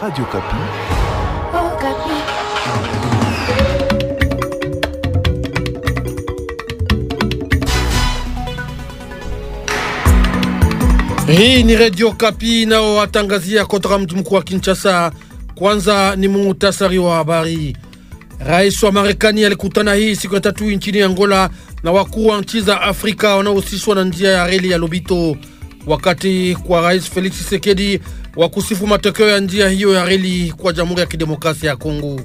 Radio Kapi. Oh, Kapi. Hii ni Radio Kapi nao watangazia kutoka mji mkuu wa Kinshasa. Kwanza ni muhtasari wa habari. Rais wa Marekani alikutana hii siku ya tatu nchini Angola na wakuu wa nchi za Afrika wanaohusishwa na njia ya reli ya Lobito. Wakati kwa Rais Felix Tshisekedi wa kusifu matokeo ya njia hiyo ya reli kwa Jamhuri ya Kidemokrasia ya Kongo.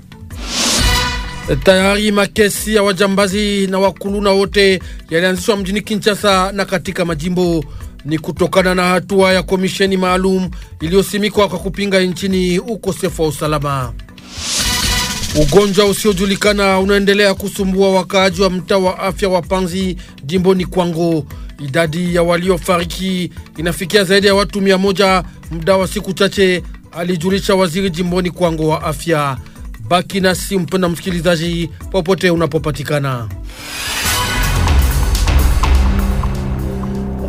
Tayari makesi ya wajambazi na wakuluna wote yalianzishwa mjini Kinshasa na katika majimbo. Ni kutokana na hatua ya komisheni maalum iliyosimikwa kwa kupinga nchini ukosefu wa usalama. Ugonjwa usiojulikana unaendelea kusumbua wakaaji wa mtaa wa afya wa Panzi jimboni Kwango. Idadi ya waliofariki inafikia zaidi ya watu mia moja muda wa siku chache, alijulisha waziri jimboni kwangu wa afya. Baki nasi mpenda msikilizaji, popote unapopatikana,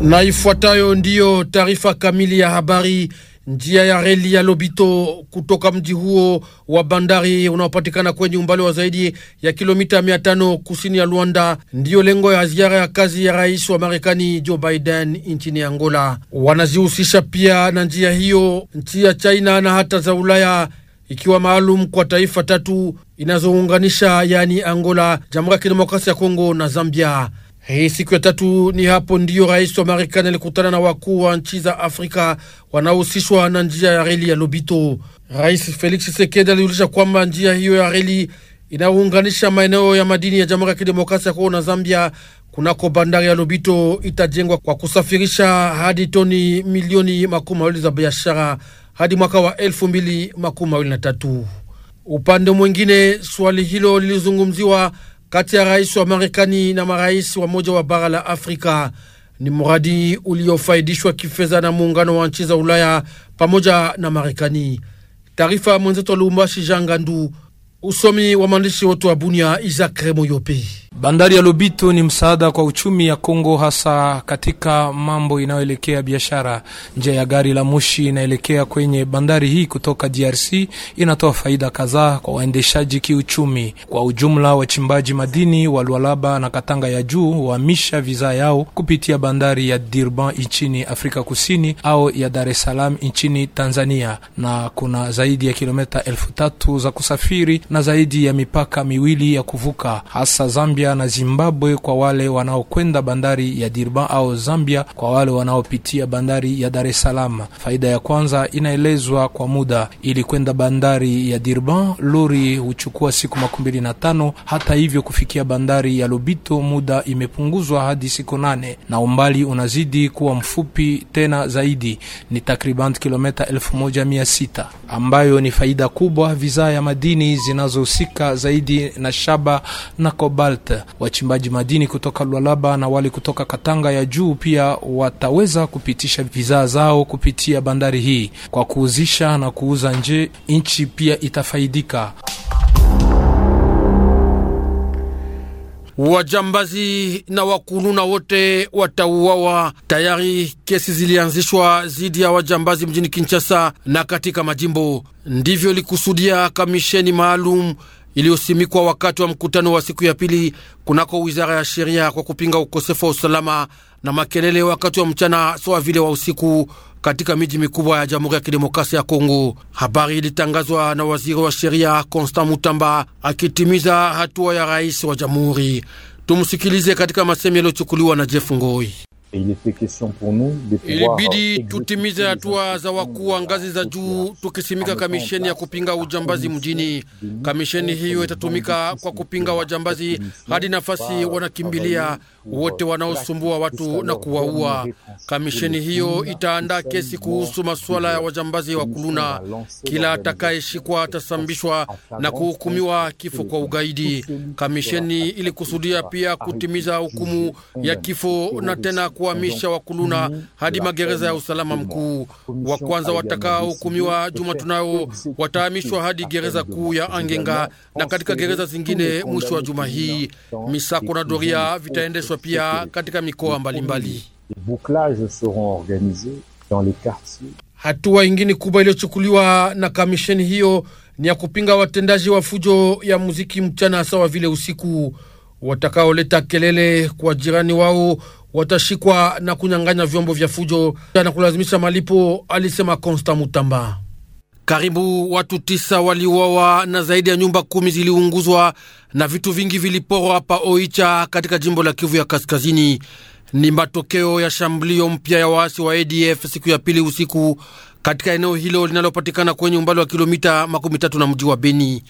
na ifuatayo ndiyo taarifa kamili ya habari Njia ya reli ya Lobito kutoka mji huo wa bandari unaopatikana kwenye umbali wa zaidi ya kilomita mia tano kusini ya Luanda ndiyo lengo ya ziara ya kazi ya rais wa Marekani Joe Biden nchini Angola. Wanazihusisha pia na njia hiyo nchi ya China na hata za Ulaya, ikiwa maalum kwa taifa tatu inazounganisha yaani Angola, Jamhuri ya Kidemokrasia ya Kongo na Zambia. Hii siku ya tatu ni hapo ndiyo rais wa Marekani alikutana na wakuu wa nchi za Afrika wanaohusishwa na njia ya reli ya Lobito. Rais Felix Tshisekedi aliulisha kwamba njia hiyo ya reli inayounganisha maeneo ya madini ya Jamhuri ya Kidemokrasia ya Kongo na Zambia kunako bandari ya Lobito itajengwa kwa kusafirisha hadi toni milioni makumi mawili za biashara hadi mwaka wa elfu mbili makumi mawili na tatu. Upande mwingine, swali hilo lilizungumziwa kati ya rais wa Marekani na marais wa moja wa bara la Afrika ni mradi uliofaidishwa kifedha na muungano wa nchi za Ulaya pamoja na Marekani. Taarifa mwenzetu wa Lubumbashi, Jean Gandu, usomi wa mwandishi wetu wa Bunia, Isaac Remoyope. Bandari ya Lobito ni msaada kwa uchumi ya Kongo hasa katika mambo inayoelekea biashara. Njia ya gari la moshi inaelekea kwenye bandari hii kutoka DRC inatoa faida kadhaa kwa waendeshaji kiuchumi. Kwa ujumla, wachimbaji madini wa Lualaba na Katanga ya juu huamisha vizaa yao kupitia bandari ya Durban nchini Afrika Kusini au ya Dar es Salaam nchini Tanzania, na kuna zaidi ya kilomita elfu tatu za kusafiri na zaidi ya mipaka miwili ya kuvuka hasa Zambia Nigeria na Zimbabwe kwa wale wanaokwenda bandari ya Durban au Zambia kwa wale wanaopitia bandari ya Dar es Salaam. Faida ya kwanza inaelezwa kwa muda, ili kwenda bandari ya Durban lori huchukua siku makumi mbili na tano. Hata hivyo kufikia bandari ya Lobito muda imepunguzwa hadi siku nane na umbali unazidi kuwa mfupi tena zaidi, ni takriban kilomita elfu moja mia sita ambayo ni faida kubwa. Vizaa ya madini zinazohusika zaidi na shaba na cobalt Wachimbaji madini kutoka Lualaba na wale kutoka Katanga ya juu pia wataweza kupitisha bidhaa zao kupitia bandari hii. Kwa kuuzisha na kuuza nje, nchi pia itafaidika. Wajambazi na wakununa wote watauawa. Tayari kesi zilianzishwa dhidi ya wajambazi mjini Kinshasa na katika majimbo. Ndivyo likusudia kamisheni maalum iliyosimikwa wakati wa mkutano wa siku ya pili kunako wizara ya sheria kwa kupinga ukosefu wa usalama na makelele wakati wa mchana sawa vile wa usiku katika miji mikubwa ya Jamhuri ya Kidemokrasia ya Kongo. Habari ilitangazwa na waziri wa sheria Constant Mutamba akitimiza hatua ya rais wa jamhuri. Tumsikilize katika masemi yaliyochukuliwa na Jeff Ngoi. Ilibidi tutimize hatua za wakuu wa ngazi za juu, tukisimika kamisheni ya kupinga ujambazi mjini. Kamisheni hiyo itatumika kwa kupinga wajambazi hadi nafasi wanakimbilia wote wanaosumbua watu na kuwaua. Kamisheni hiyo itaandaa kesi kuhusu masuala ya wajambazi wa kuluna. Kila atakayeshikwa atasambishwa na kuhukumiwa kifo kwa ugaidi. Kamisheni ilikusudia pia kutimiza hukumu ya kifo na tena kwa kuhamisha wakuluna mm-hmm. hadi magereza ya usalama mkuu. Wa kwanza watakaohukumiwa juma tunao watahamishwa hadi gereza kuu ya Angenga na katika gereza zingine mwisho wa juma hii. Misako na doria vitaendeshwa pia katika mikoa mbalimbali. Hatua ingine kubwa iliyochukuliwa na kamisheni hiyo ni ya kupinga watendaji wa fujo ya muziki mchana sawa vile usiku, watakaoleta kelele kwa jirani wao watashikwa na kunyang'anya vyombo vya fujo na kulazimisha malipo, alisema Konsta Mutamba. Karibu watu tisa waliuawa na zaidi ya nyumba kumi ziliunguzwa na vitu vingi viliporwa hapa Oicha katika jimbo la Kivu ya Kaskazini. Ni matokeo ya shambulio mpya ya waasi wa ADF siku ya pili usiku katika eneo hilo linalopatikana kwenye umbali wa kilomita makumi tatu na mji wa Beni.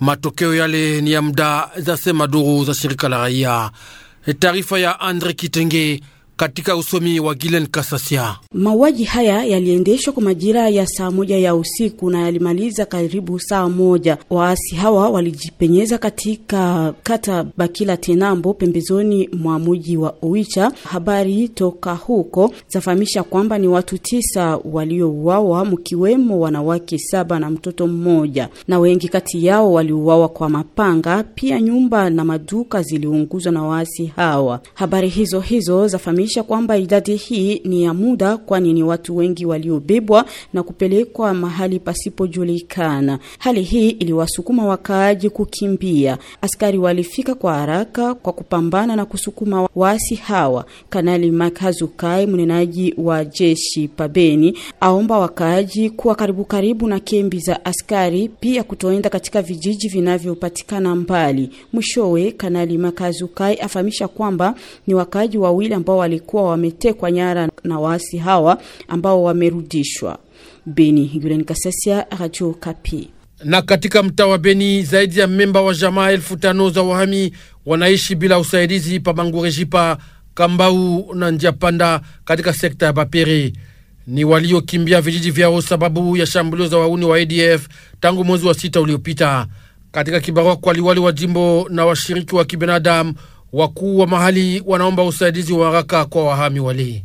Matokeo yale ni ya muda, zasema duru za shirika la raia. taarifa ya Andre Kitenge katika usomi wa Gilen Kasasia. Mauaji haya yaliendeshwa kwa majira ya saa moja ya usiku na yalimaliza karibu saa moja. Waasi hawa walijipenyeza katika kata Bakila Tenambo, pembezoni mwa muji wa Oicha. Habari toka huko zafahamisha kwamba ni watu tisa waliouawa, mkiwemo wanawake saba na mtoto mmoja, na wengi kati yao waliuawa kwa mapanga. Pia nyumba na maduka ziliunguzwa na waasi hawa. Habari hizo hizo zafahamisha Anajulisha kwamba idadi hii ni ya muda, kwani ni watu wengi waliobebwa na kupelekwa mahali pasipojulikana. Hali hii iliwasukuma wakaaji kukimbia. Askari walifika kwa haraka kwa kupambana na kusukuma waasi hawa. Kanali Makazukai, mnenaji wa jeshi Pabeni, aomba wakaaji kuwa karibu karibu na kembi za askari, pia kutoenda katika vijiji vinavyopatikana mbali. Mwishowe, Kanali Makazukai afahamisha kwamba ni wakaaji wawili ambao wali walikuwa wametekwa nyara na waasi hawa ambao wamerudishwa Beni. Yulen Kasasia, Radio Kapi. Na katika mtaa wa Beni zaidi ya memba wa jamaa elfu tano za wahami wanaishi bila usaidizi pa Kambau na njia panda katika sekta ya Bapere ni waliokimbia vijiji vyao sababu ya shambulio za wauni wa ADF tangu mwezi wa sita uliopita. Katika kibarua kwa liwali wa jimbo na washiriki wa kibinadamu wakuu wa mahali wanaomba usaidizi wa haraka kwa wahami wale.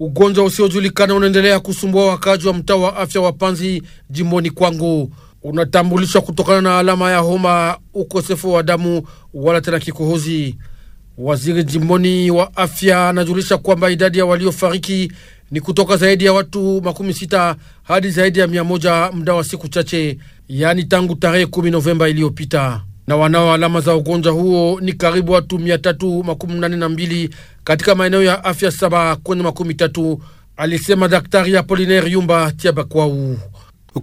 Ugonjwa usiojulikana unaendelea kusumbua wakaaji wa mtaa wa afya wa Panzi jimboni kwangu, unatambulishwa kutokana na alama ya homa, ukosefu wa damu wala tena kikohozi. Waziri jimboni wa afya anajulisha kwamba idadi ya waliofariki ni kutoka zaidi ya watu makumi sita hadi zaidi ya mia moja mda wa siku chache yaani tangu tarehe 10 Novemba iliyopita, na wanao alama za ugonjwa huo ni karibu watu 382 katika maeneo ya afya saba kwenye makumi tatu, alisema Daktari Apolinaire Yumba Tiabakwau.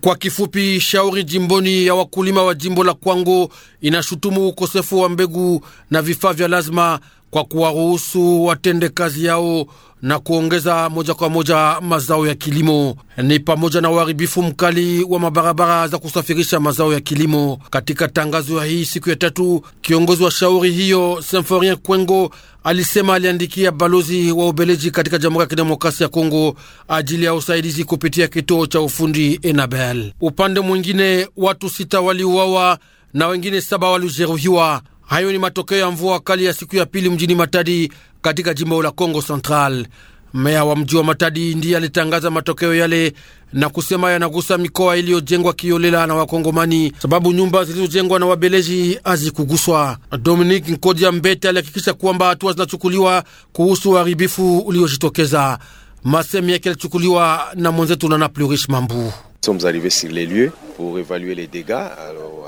Kwa kifupi, shauri jimboni ya wakulima wa jimbo la Kwango inashutumu ukosefu wa mbegu na vifaa vya lazima kwa kuwaruhusu watende kazi yao na kuongeza moja kwa moja mazao ya kilimo, ni pamoja na uharibifu mkali wa mabarabara za kusafirisha mazao ya kilimo. Katika tangazo ya hii siku ya tatu, kiongozi wa shauri hiyo Symphorien Kwengo alisema aliandikia balozi wa Ubeleji katika Jamhuri ya Kidemokrasia ya Kongo ajili ya usaidizi kupitia kituo cha ufundi Enabel. Upande mwingine, watu sita waliuawa na wengine saba walijeruhiwa Hayo ni matokeo ya mvua kali ya siku ya pili mjini Matadi katika jimbo la congo Central. Meya wa mji wa Matadi ndiye alitangaza matokeo yale na kusema yanagusa mikoa iliyojengwa kiolela na Wakongomani, sababu nyumba zilizojengwa na Wabeleji hazikuguswa. Dominik Nkodia Mbete alihakikisha kwamba hatua zinachukuliwa kuhusu uharibifu uliojitokeza. Masemi yake alichukuliwa na mwenzetu Nana Plurish Mambu.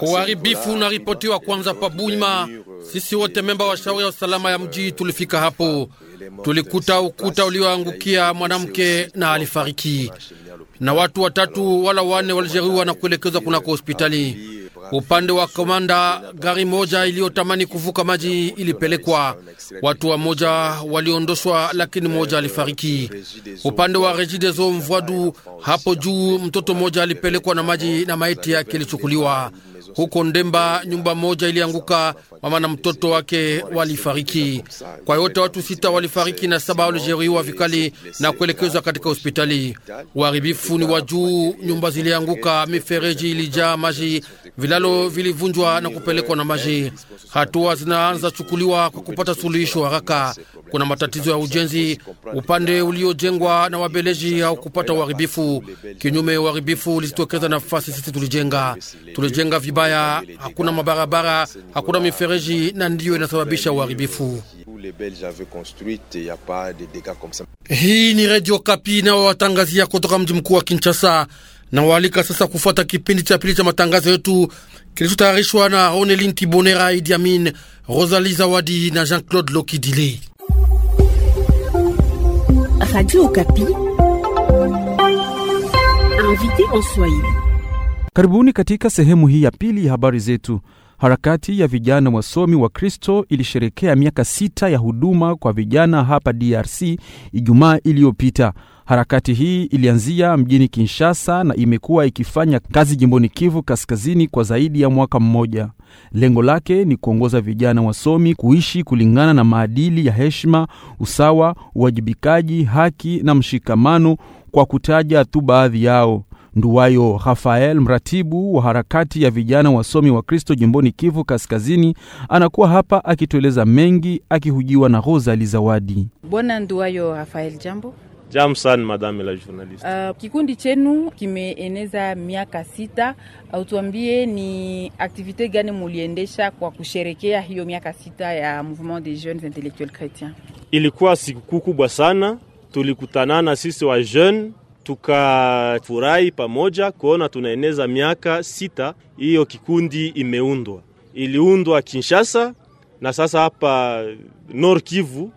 Uharibifu unaripotiwa kwanza pa Buima. Sisi wote memba wa shauri ya usalama ya mji tulifika hapo, tulikuta ukuta ulioangukia mwanamke na alifariki, na watu watatu wala wane walijeruhiwa na kuelekezwa kunako hospitali. Upande wa komanda, gari moja iliyotamani kuvuka maji ilipelekwa, watu wa moja waliondoshwa, lakini moja alifariki. Upande wa Regideso Mvwadu hapo juu, mtoto moja alipelekwa na maji na maiti yake ilichukuliwa. Huko Ndemba nyumba moja ilianguka, mama na mtoto wake walifariki. Kwa yote watu sita walifariki na saba walijeruhiwa vikali na kuelekezwa katika hospitali. Uharibifu ni wa juu, nyumba zilianguka, mifereji ilijaa maji, vilalo vilivunjwa na kupelekwa na maji. Hatua zinaanza chukuliwa kwa kupata suluhisho haraka. Kuna matatizo ya ujenzi, upande uliojengwa na wabeleji au kupata uharibifu. Kinyume, uharibifu ulizitokeza nafasi sisi tulijenga, tulijenga vibaya mbaya, hakuna mabarabara, hakuna mifereji, na ndiyo inasababisha uharibifu. Hii ni Radio Kapi nao watangazia kutoka mji mkuu wa Kinshasa na waalika sasa kufuata kipindi cha pili cha matangazo yetu kilichotayarishwa na Ronelin Tibonera, Idi Amin, Rosalie Zawadi na Jean-Claude Lokidile. Radio Kapi invité en Swahili Karibuni katika sehemu hii ya pili ya habari zetu. Harakati ya vijana wasomi wa Kristo ilisherekea miaka sita ya huduma kwa vijana hapa DRC Ijumaa iliyopita. Harakati hii ilianzia mjini Kinshasa na imekuwa ikifanya kazi jimboni Kivu Kaskazini kwa zaidi ya mwaka mmoja. Lengo lake ni kuongoza vijana wasomi kuishi kulingana na maadili ya heshima, usawa, uwajibikaji, haki na mshikamano, kwa kutaja tu baadhi yao. Nduwayo Rafael, mratibu wa harakati ya vijana wasomi wa Kristo jimboni Kivu Kaskazini, anakuwa hapa akitueleza mengi, akihujiwa na Rosali Zawadi. Bwana Nduwayo Rafael, jambo. Jam sana madame la journaliste. Uh, kikundi chenu kimeeneza miaka sita. Uh, utuambie ni aktivite gani muliendesha kwa kusherekea hiyo miaka sita ya Mouvement des Jeunes Intellectuels Chretiens? Ilikuwa sikukuu kubwa sana, tulikutanana sisi wa jeune tukafurahi pamoja kuona tunaeneza miaka sita hiyo kikundi imeundwa. Iliundwa Kinshasa na sasa hapa Nord Kivu,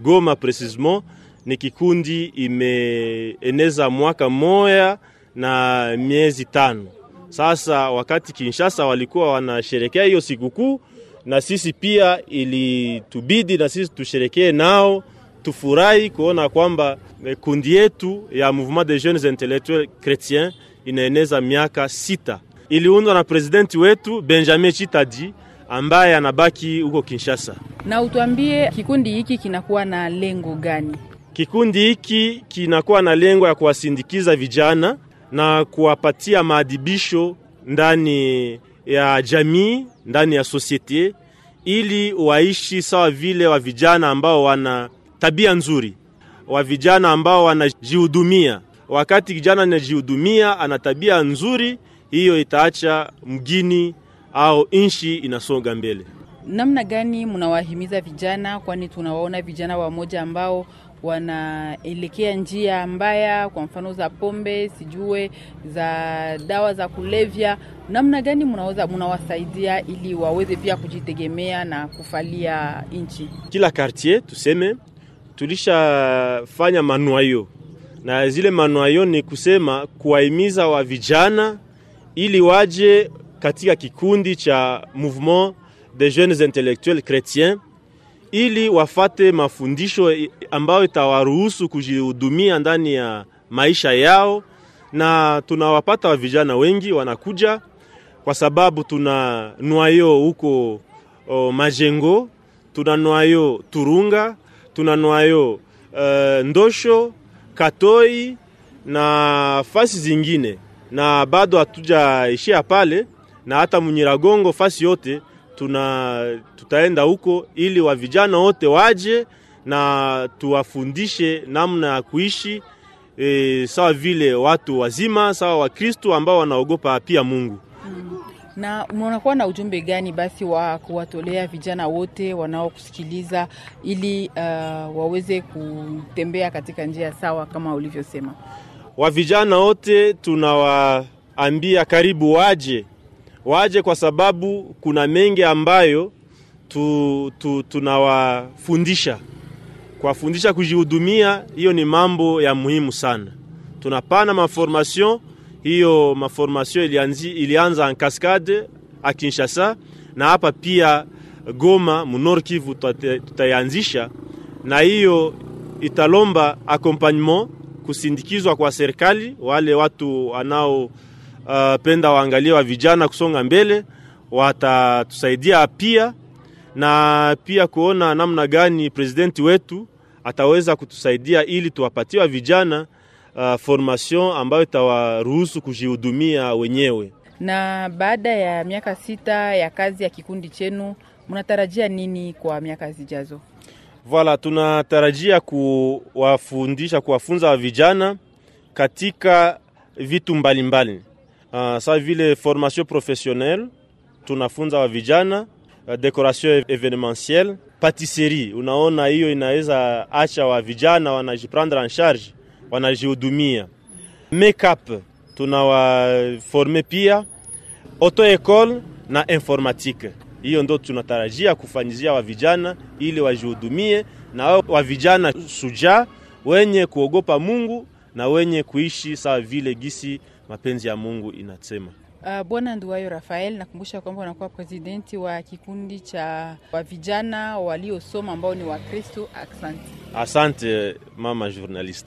Goma precisement, ni kikundi imeeneza mwaka moya na miezi tano sasa. Wakati Kinshasa walikuwa wanasherekea hiyo sikukuu, na sisi pia ilitubidi na sisi tusherekee nao tufurahi kuona kwamba eh, kundi yetu ya Mouvement des Jeunes Intellectuels Chretiens inaeneza miaka sita. Iliundwa na presidenti wetu Benjamin Chitadi ambaye anabaki huko Kinshasa. Na utuambie kikundi hiki kinakuwa na lengo gani? Kikundi hiki kinakuwa na lengo ya kuwasindikiza vijana na kuwapatia maadibisho ndani ya jamii, ndani ya societe, ili waishi sawa vile wa vijana ambao wana tabia nzuri wa vijana ambao wanajihudumia. Wakati kijana anajihudumia, ana tabia nzuri, hiyo itaacha mgini au nchi inasonga mbele. Namna gani mnawahimiza vijana? Kwani tunawaona vijana wamoja ambao wanaelekea njia mbaya, kwa mfano za pombe, sijue za dawa za kulevya. Namna gani mnaweza mnawasaidia ili waweze pia kujitegemea na kufalia nchi? Kila kartier tuseme tulishafanya manuayo na zile manuayo ni kusema kuwahimiza wa vijana ili waje katika kikundi cha Mouvement des Jeunes Intellectuels Chrétiens ili wafate mafundisho ambayo itawaruhusu kujihudumia ndani ya maisha yao, na tunawapata wa vijana wengi wanakuja kwa sababu tuna nwayo huko o, oh, Majengo, tuna nwayo Turunga tunanwayo uh, eh, Ndosho, Katoi na fasi zingine, na bado hatujaishia pale, na hata Munyiragongo fasi yote tuna tutaenda huko ili wa vijana wote waje na tuwafundishe namna ya kuishi e, sawa vile watu wazima, sawa Wakristo ambao wanaogopa pia Mungu. Na mnakuwa na ujumbe gani basi wa kuwatolea vijana wote wanaokusikiliza ili uh, waweze kutembea katika njia sawa kama ulivyosema? Wa vijana wote tunawaambia karibu waje, waje kwa sababu kuna mengi ambayo tu, tu, tunawafundisha kuwafundisha kujihudumia. Hiyo ni mambo ya muhimu sana, tunapana maformation hiyo maformation ilianzi, ilianza en kaskade a Kinshasa na hapa pia Goma munor Kivu tutayanzisha, na hiyo italomba accompagnement kusindikizwa kwa serikali, wale watu wanaopenda euh, uh, waangalie wa vijana kusonga mbele watatusaidia pia, na pia kuona namna gani presidenti wetu ataweza kutusaidia ili tuwapatie wa vijana uh, formation ambayo itawaruhusu kujihudumia wenyewe. Na baada ya miaka sita ya kazi ya kikundi chenu, mnatarajia nini kwa miaka zijazo? Vala, tunatarajia kuwafundisha kuwafunza vijana katika vitu mbalimbali mbali. Uh, sa vile formation professionnelle tunafunza wa vijana uh, decoration evenementielle, patisserie. Unaona, hiyo inaweza acha wa vijana wanajiprendre en charge wanajihudumia. Makeup tunawaforme pia auto ecole na informatique. Hiyo ndo tunatarajia kufanyizia wa vijana ili wajihudumie na wa vijana suja wenye kuogopa Mungu na wenye kuishi sawa vile gisi mapenzi ya Mungu inasema. Uh, Bwana Nduwayo Rafael, nakumbusha kwamba unakuwa presidenti wa kikundi cha wa vijana waliosoma ambao ni Wakristo. Asante, asante mama journalist.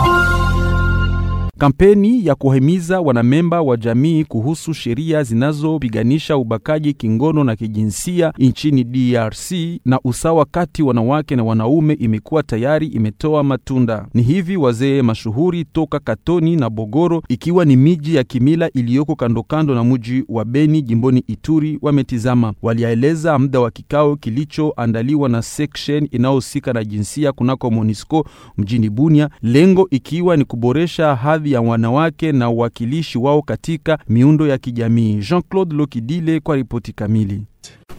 Kampeni ya kuhimiza wanamemba wa jamii kuhusu sheria zinazopiganisha ubakaji kingono na kijinsia nchini DRC na usawa kati wanawake na wanaume imekuwa tayari imetoa matunda. Ni hivi wazee mashuhuri toka Katoni na Bogoro, ikiwa ni miji ya kimila iliyoko kandokando na mji wa Beni jimboni Ituri, wametizama. Waliaeleza muda wa kikao kilichoandaliwa na section inayohusika na jinsia kunako MONUSCO mjini Bunia, lengo ikiwa ni kuboresha hadhi ya wanawake na uwakilishi wao katika miundo ya kijamii. Jean-Claude Lokidile kwa ripoti kamili.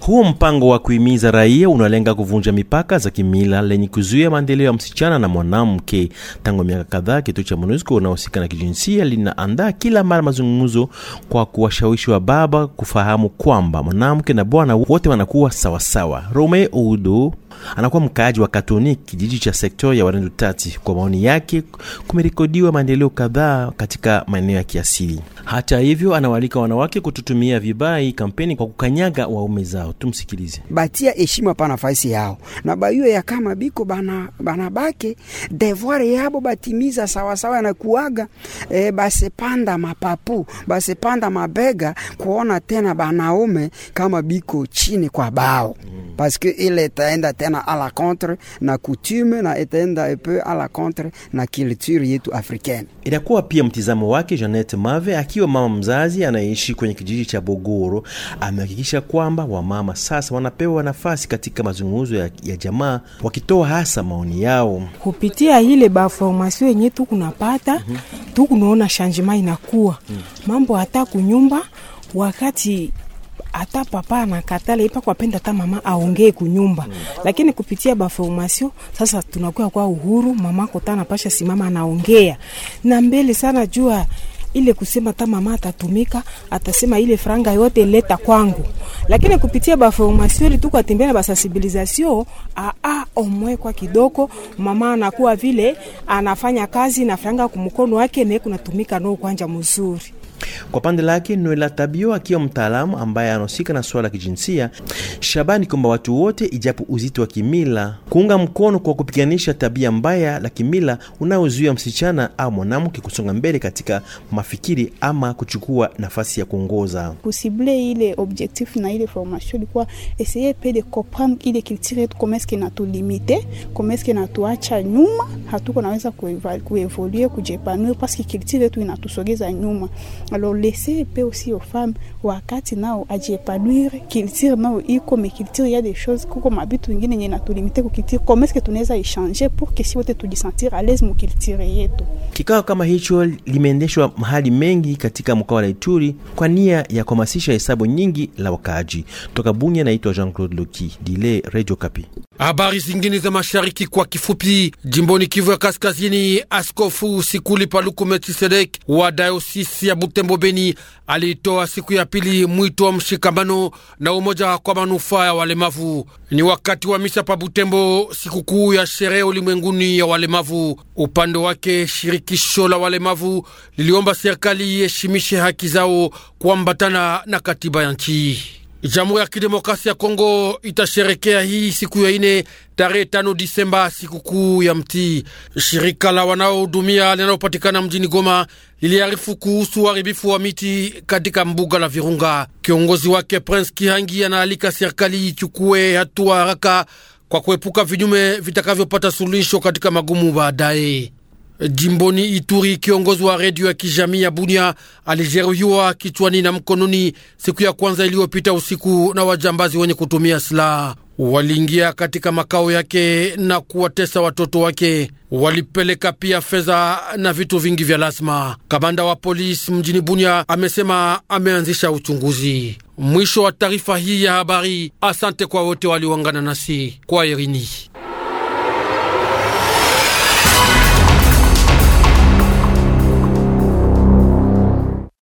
Huo mpango wa kuhimiza raia unalenga kuvunja mipaka za kimila lenye kuzuia maendeleo ya msichana na mwanamke. Tangu miaka kadhaa, kituo cha MONUSCO unaohusika na kijinsia linaandaa kila mara mazungumzo kwa kuwashawishi wa baba kufahamu kwamba mwanamke na bwana wote wanakuwa sawasawa. Rome Oudo anakuwa mkaaji wa Katoni, kijiji cha sektor ya Warendu Tati. Kwa maoni yake, kumerekodiwa maendeleo kadhaa katika maeneo ya kiasili. Hata hivyo, anawalika wanawake kututumia vibaya hii kampeni kwa kukanyaga waume zao yao, tumsikilize. Batia heshima pa nafasi yao na bayue ya kama biko bana bana bake devoir yabo batimiza sawasawa na kuaga e, basepanda mapapu basepanda mabega kuona tena banaume kama biko chini kwa bao mm. parce que ile itaenda tena a la contre na coutume na itaenda peu a la contre na culture yetu africaine. Inakuwa pia mtizamo wake Janet Mave akiwa mama mzazi anaishi kwenye kijiji cha Bogoro amehakikisha kwamba wamama mama sasa wanapewa nafasi katika mazungumzo ya, ya jamaa wakitoa hasa maoni yao kupitia ile baformasio yenye tu kunapata mm -hmm. tu kunaona shanjima inakuwa mm. mambo hata kunyumba wakati hata papa anakatala ipa kwapenda hata mama aongee kunyumba mm. lakini kupitia baformasio sasa tunakuwa kwa uhuru mama kota anapasha simama anaongea na mbele sana jua ile kusema ta mama atatumika atasema ile franga yote leta kwangu, lakini kupitia ba formation tu kwa tembea na basensibilisation a a omwe kwa kidogo, mama anakuwa vile anafanya kazi na franga kumkono wake na kunatumika nao kwanja mzuri kwa pande lake Noela Tabio, akiwa mtaalamu ambaye anahusika na suala la kijinsia, Shabani kwamba watu wote, ijapo uzito wa kimila, kuunga mkono kwa kupiganisha tabia mbaya la kimila unayozuia msichana au mwanamke kusonga mbele katika mafikiri ama kuchukua nafasi ya kuongoza kusibule ile objectif na ile formation ilikuwa essaye pe de comprendre ile culture kama eske inatulimite kama eske inatuacha nyuma, hatuko naweza kuevolue kujepanue parce que culture yetu inatusogeza nyuma Alors laisser paix aussi aux femmes wakati nao ajiepanwire kilitiri nao iko mekilitiri ya des choses kuko mabitu ingine yenye natulimite kukilitiri komeske tunaweza ishange pour que kesi wote tujisantire à l'aise mukilitiri yetu. Kikao kama hicho limeendeshwa mahali mengi katika mkoa wa Ituri kwa nia ya kuhamasisha hesabu nyingi la wakaaji. Toka Bunia naitwa Jean-Claude Loki, dile Radio Kapi. Habari zingine za mashariki kwa kifupi. Jimboni Kivu ya Kaskazini, Askofu Sikuli Paluku Melchisedek wa dayosisi ya Butembo Butembo Beni alitoa siku ya pili mwito wa mshikamano na umoja kwa manufaa ya walemavu. Ni wakati wa misa pa Butembo, sikukuu ya sherehe ulimwenguni ya walemavu. Upande wake, shirikisho la walemavu liliomba serikali iheshimishe haki zao kuambatana na katiba ya nchi. Jamhuri ya Kidemokrasia ya Kongo itasherekea hii siku ya ine tarehe tano Disemba sikukuu ya mti. Shirika la wanaohudumia linalopatikana mjini Goma liliarifu kuhusu uharibifu wa miti katika mbuga la Virunga. Kiongozi wake Prince Kihangi anaalika serikali ichukue hatua haraka kwa kuepuka vinyume vitakavyopata suluhisho katika magumu baadaye. Jimboni Ituri, kiongozi wa redio ya kijamii ya Bunia alijeruhiwa kichwani na mkononi siku ya kwanza iliyopita usiku na wajambazi wenye kutumia silaha. Waliingia katika makao yake na kuwatesa watoto wake. Walipeleka pia fedha na vitu vingi vya lazima. Kamanda wa polisi mjini Bunia amesema ameanzisha uchunguzi. Mwisho wa taarifa hii ya habari. Asante kwa wote walioungana nasi kwa Irini.